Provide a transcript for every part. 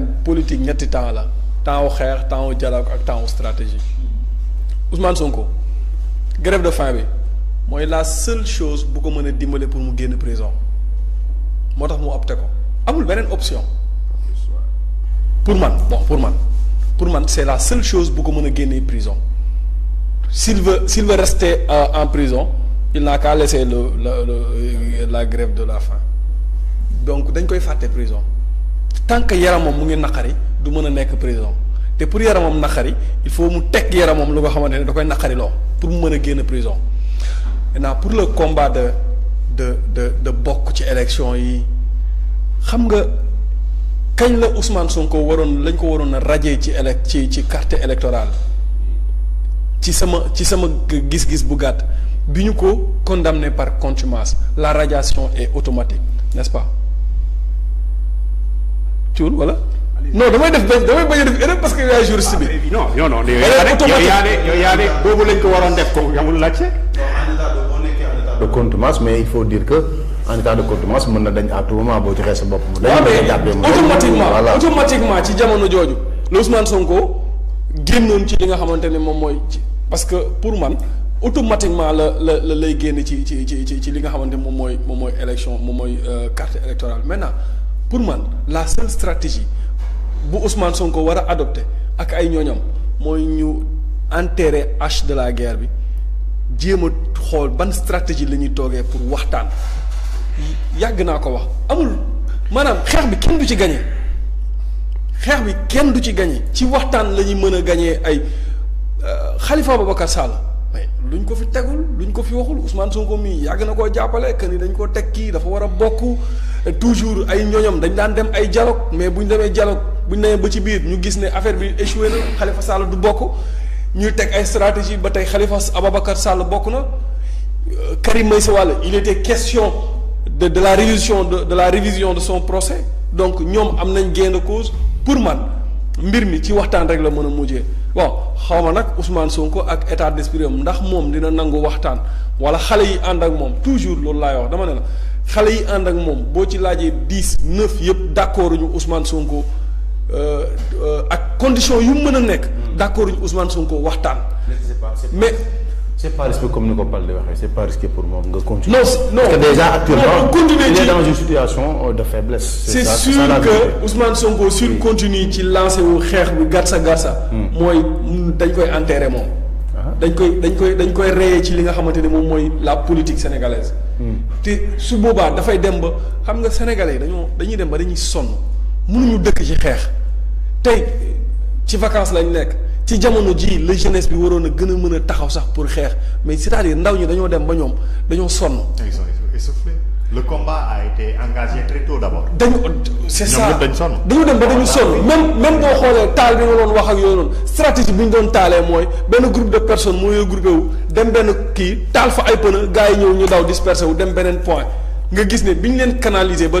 politique ñetti temps là temps au xeex temps au dialogue et temps au stratégie Ousmane Sonko grève de faim moi la seule chose beaucoup ko mën pour nous génn prison moi tax mu opté ko amul une option pour moi bon pour moi pour moi c'est la seule chose beaucoup ko mën prison s'il veut s'il veut rester euh, en prison il n'a qu'à laisser le la la grève de la faim donc dañ koy fàtte prison tant que yaramam mu ngi nakari, du mën nek prison. président te pour yaramam nakari, il faut mu teg yaramam lu nga xamante da koy naqari lo pour mu mën a génn prison maintenant pour le combat de de de de bokk ci élection yi xam nga kañ la Ousmane Sonko waron lañ ko waroon a ci élec ci ci carte électorale ci sama ci sama gis-gis bu gàtt biñu ko condamné par contumace la radiation est automatique n'est-ce pas cuun wala. non damay def benn damay bañ def erreur parce que yaay juriste bi. Ah, non non non yow yaa ne yow yaa boobu lañ ko waroon def ko amul laajte. mais il faut dire que en état mën na dañ à tout moment boo joxee sa bopp. dañu ah, mën a automatiquement automatiquement ci jamono jooju la Ousmane Sonko génnoon ci li nga xamante ne moom mooy ci parce que pour man automatiquement la la la lay génn ci ci ci ci li nga xamante moom mooy moom mooy élection moom mooy euh, carte électorale maintenant. pour man la seule stratégie bu Ousmane Sonko war a adopté ak ay ñooñam mooy ñu enterrer hache de la guerre bi jéem a xool ban stratégie la ñuy toogee pour waxtaan yàgg naa ko wax amul maanaam xeex bi kenn du ci gañe xeex bi kenn du ci gañe ci waxtaan la ñuy mën a gañee ay euh, Khalifa Ababacar Sall mais luñ ko fi tegul luñ ko fi waxul Ousmane Sonko mii yàgg na koo jàppale que ni dañ koo teg kii dafa war a bokk toujours ay ñooñam dañ daan dem ay dialogue mais bu ñu dialogue bu ñu ba ci biir ñu affaire bi échoué na Khalifa Sall du ñuy ay stratégie ba Khalifa Ababakar Sall euh, Karim il était question de la révision de la révision de son procès donc ñom am nañ gain de cause pour man mbir mi ci waxtaan rek la mëna bon Ousmane Sonko ak état d'esprit ndax dina nangu wala xalé yi ak toujours lool dama xalé yi and ak mom bo ci laajee 10 9 yépp d' ñu Ousmane Sonko euh, euh ak condition yu mëna a nekk. Hmm. d' ñu Ousmane Sonko waxtaan. mais c'est pas risqué comme ni ko Pall di waxee c' pas risqué pour moom nga continuer. non non parce que déjà actuellement il est dans une situation euh, de faiblesse. c' est sûr que Ousmane Sonko sur continue ci lancer wu xeex bi gatsa gatsa. moy hmm. dañ koy enterrer mom ah. dañ koy dañ koy dañ koy reyee ci li nga xamante ne moom mooy la politique sénégalaise. te su boobaa dafay dem ba xam nga sénégal yi dañoo dañuy dem ba dañuy sonn mënuñu dëkk ci xeex tey ci vacances lañ nekk ci jamono jii la jeunesse bi waroon a gën a mën a taxaw sax pour xeex mais c'est-à-dire ndaw ñi dañoo dem ba ñoom dañoo sonn. le combat a été engagé très tôt d'abord. dañu c'est ça ñoom dañu sonn. dañu dem ba dañu sonn même même boo xoolee taal bi nga doon wax ak yooyu noonu stratégie bi ñu doon taalee mooy benn groupe de personnes mooy groupé wu dem benn kii taal fa ay pneu gars yi ñëw ñu daw dispersé wu dem beneen point nga gis ne bi ñu leen canaliser ba.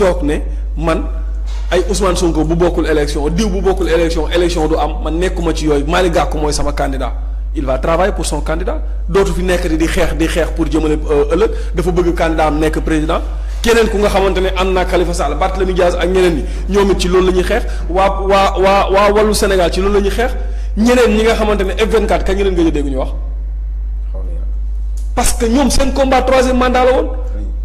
toog ne man ay Ousmane Sonko bu bokul élection diw bu bokul élection élection do am man nekuma ci yoy Malick Gakou moy sama candidat il va travailler pour son candidat dootu fi nekk di xex di xex pour jëmale euh, ëllëg dafa bëgg candidat am nek président kenen ku nga xamantene ne Khalifa Sall Barthélemy Diaz ak ñeneen ni ñoom ci loolu lañuy xex wa wa wa waa waa Sénégal ci loolu lañuy xex ñeneen ñi nga xamantene ne F24 ka ñeneen nga ñu dégg ñu wax parce que ñoom seen combat troisième mandat la woon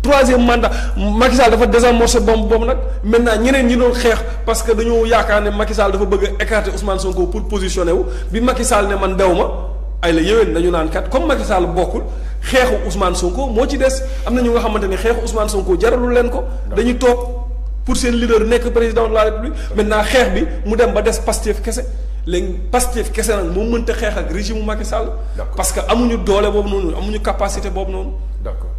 troisième mandat Macky Sall dafa désamorcer bombe boobu nak maintenant ñeneen ñi doon xex parce que dañoo yaakaar Macky Sall dafa bëgg écarter Ousmane Sonko pour positionner wu bi Macky Sall ne man dew ay la yéwén dañu naan kat comme Macky Sall bokul xexu Ousmane Sonko mo ci dess amna ñu nga xamanteni xexu Ousmane Sonko jaralul len ko. dañu toog pour sen leader nekk président de la République. maintenant xex bi mu dem ba dess des kessé kese. léegi kessé nak mo mën ta xex ak régime Macky Sall. parce que amuñu doole bobu noonu amuñu capacité bobu noonu. d'accord.